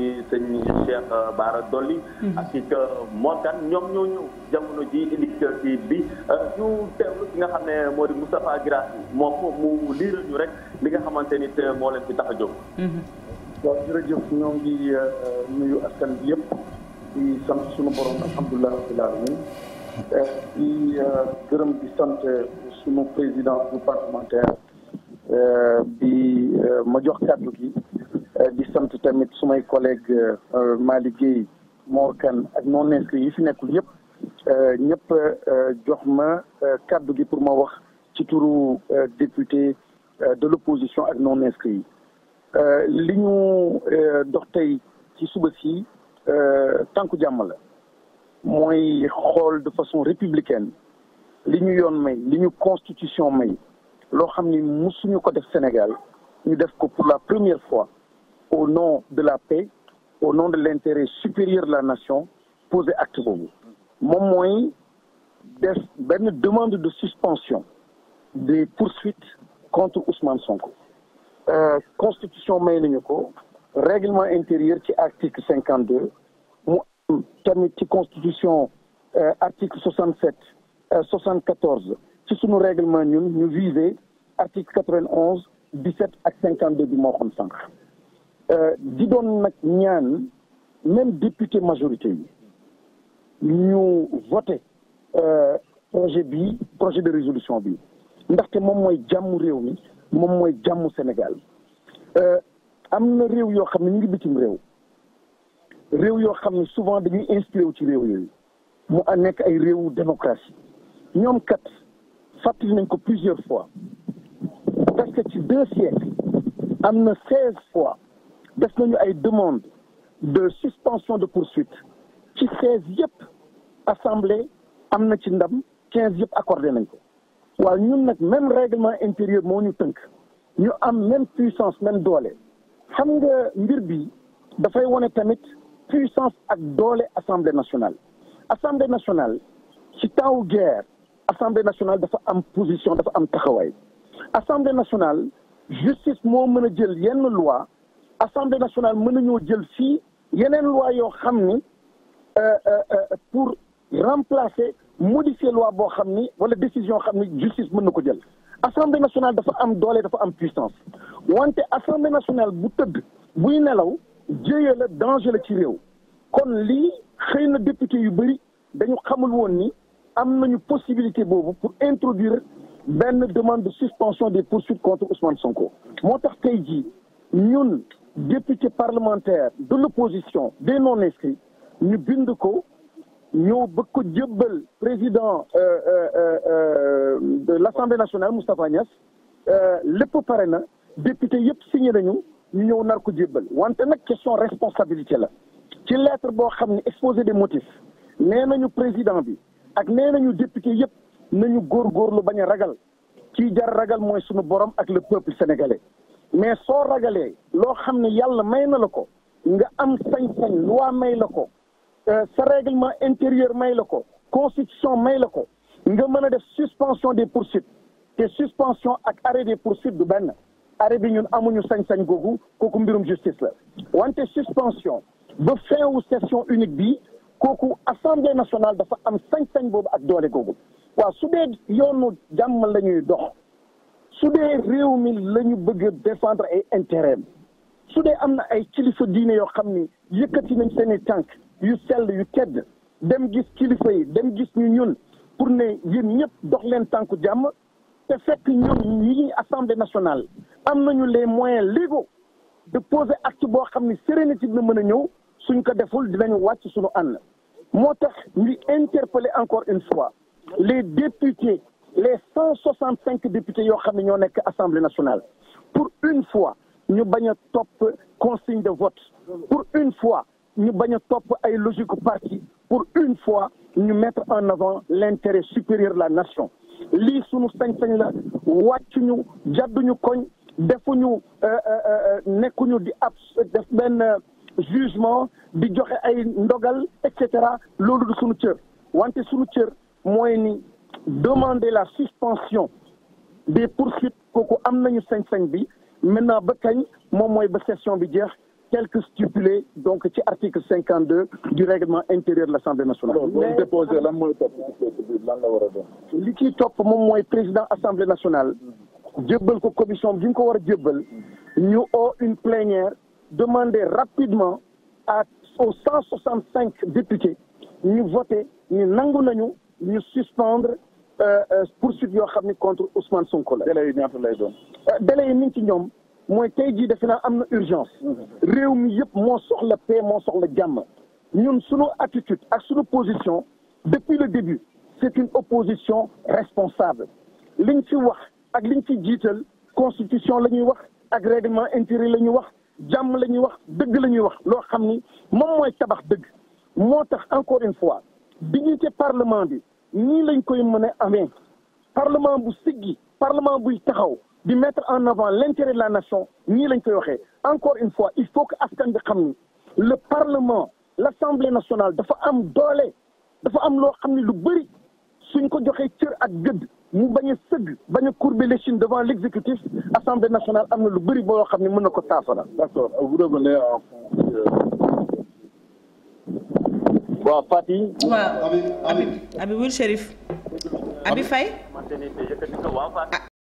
ci sëñ Cheikh Bara Dolly mhm. ak ci Montane ñoom ñoo ñëw jamono ji ci bi euh, ñu teewlu ki nga xam ne moo di Moustapha Guirassy moom mu liiral ñu rek li nga xamante ni moo leen ci tax a jóg mhm. waaw jërëjëf ñoo ngi euh, nuyu bi yëpp di sant suñu euh, sant suñu président du parlementaire bi ma jox kàddu gi Euh, di sant tamit sumay collègue euh, Malick Guèye Mor Kane ak non inscrits yi fi nekkul yëpp ñëpp euh, jox ma kàddu gi pour ma wax ci turu député de l'opposition ak non inscrits yi li ñu dox tey ci suba si tànku jàmm la mooy xool de façon républicaine li ñu yoon may li ñu constitution may loo xam ni musuñu ko def Sénégal ñu def ko pour la première fois au nom de la paix au nom de l'intérêt supérieur de la nation posé acte boobu moom mooy des demande de suspension des poursuites contre Ousmane Sonko euh, constitution may nañu ko règlement intérieur ci article cinquante deux mu tamit ci constitution euh, article soixante sept euh, soixante quatorze ci sunu règlement ñun ñu visé article quatre vingt onze dix sept bi moo sànq Euh, di doon nag ñaan même député majorité yi ñu voté euh, projet bi projet de résolution bi ndaxte moom mooy jàmm réew mi moom mooy jàmm Sénégal euh, am na réew yoo xam ne ñu ngi bitim réew réew yoo xam ne souvent dañuy inspiré wu ci réew yooyu mu nekk ay réewu démocratie ñoom kat fàttali nañ ko plusieurs fois parce que ci deux siècles am na seize fois def nañu ay demande de suspension de poursuite ci seize yëpp assemblée am na ci ndam quinze yëpp accordé nañ ko waaw ñun nag même règlement intérieur moo ñu tënk ñu am même puissance même doole xam nga mbir bi dafay wone tamit puissance ak doole assemblée nationale assemblée nationale ci taw guerre assemblée nationale dafa am position dafa am taxawaay assemblée nationale justice moo mën a jël yenn loi assemblée nationale mën nañoo jël fii yeneen loi yoo xam ni euh, euh, euh, pour remplacer modifier loi boo xam ni wala décision xam ni justice mën na ko jël assemblée nationale dafa am doole dafa am puissance wante assemblée nationale bu tëdd buy nelaw jéye la danger la ci réew kon lii xëy na député yu bëri dañu xamul woon ni am nañu possibilité boobu pour introduire benn demande de suspension des poursuites contre Ousmane Sonko moo tax tey jii ñun député parlementaire de l'opposition des non-inscrits ñu bind ko ñëw bëgg ko jëbbal président euh, euh, euh, de l'Assemblée nationale Moustapha Niass lépp pare na député yëpp signé nañu ñu ñëw nar ko jébbal wante nag question responsabilité la ci lettre boo xam ne exposé des motifs nee nañu président bi ak nee nañu député yëpp nañu lu bañ a ragal ci jar ragal mooy sunu borom ak le peuple sénégalais mais soo ragalee loo xam ne yàlla may na la ko nga am sañ-sañ loi may la ko euh, sa règlement intérieur may la ko constitution may la ko nga mën a def suspension des poursuites te suspension ak arrêt des poursuites du benn arrêt bi ñun amuñu sañ-sañ googu kooku mbirum justice la wante suspension ba fin wu session unique bi kooku assemblée nationale dafa am sañ-sañ boobu ak doole googu waaw su dee yoonu jàmm la ñuy dox su dee réew mi la ñu bëgg a défendre ay intérêt su dee am na ay kilifa diine yoo xam ni yëkkati nañ seen i tànk yu sell yu tedd dem gis kilifa yi dem gis ñu ñun pour ne yéen ñëpp dox leen tànku jàmm te fekk ñoom ñi assemblée nationale am nañu les moyens légaux de poser acte boo xam ni sérénité dina mën a ñëw suñ ko deful dinañu wàcc suñu ànd moo tax ñuy interpeller encore une fois les députés les cent soixante cinq députés yoo xam ne ñoo nekk assemblée nationale pour une fois ñu bañ a topp consigne de vote pour une fois ñu bañ a topp ay logique parti pour une fois ñu mettre en avant l'intérêt supérieur de la nation lii sunu sañ-sañ la wàccuñu jàdduñu koñ defuñu euh, euh, euh, nekkuñu di ab def benn jugement di joxe ay ndogal et cetera loolu du sunu cër wante sunu cër mooy ni demander la suspension des poursuites kooku am nañu sañ-sañ bi maintenant ba kañ moom mooy ba session bi jeex tel que stipulé donc ci article cinquante deux du règlement intérieur de l'Assemblée nationale. mais déposé lan mooy topp lan la war li ciy topp moom mooy président assemblée nationale. jébbal ko commission bi ñu ko war a jébbal. ñu oo une plénière demander rapidement à aux cent soixante cinq députés ñu voté ñu nangu nañu. ñu suspendre euh, euh, poursuite yoo xam ni contre Ousmane Sonko la. délai yi ñaata lay doon. Euh, délai yi mi ci ñoom mooy tey jii defe naa am na urgence. Mm-hmm. réew mi yëpp moo soxla paix moo soxla jàmm. ñun suñu attitude ak suñu position depuis le début c'est une opposition responsable liñ ci wax ak liñ ci jiital constitution la ñuy wax ak règlement intérieur la ñuy wax jàmm la ñuy wax dëgg la ñuy wax loo xam ni moom mooy tabax dëgg moo tax encore une fois dignité parlement bi nii lañ koy mën amee parlement bu siggi parlement buy taxaw di mettre en avant l'intérêt de la nation nii lañ koy waxee encore une fois il faut que askan bi xam ni le parlement l'assemblée nationale dafa am doole dafa am loo xam ne lu bëri suñ ko joxee cër ak gëdd mu bañ a sëgg bañ a courber l'échine devant l'exécutif assemblée nationale am na lu bëri boo xam ne mën na ko saafara d'accord vous revenez waaw Fati. waaw Habib Habib Chérif. Habib Faye. ah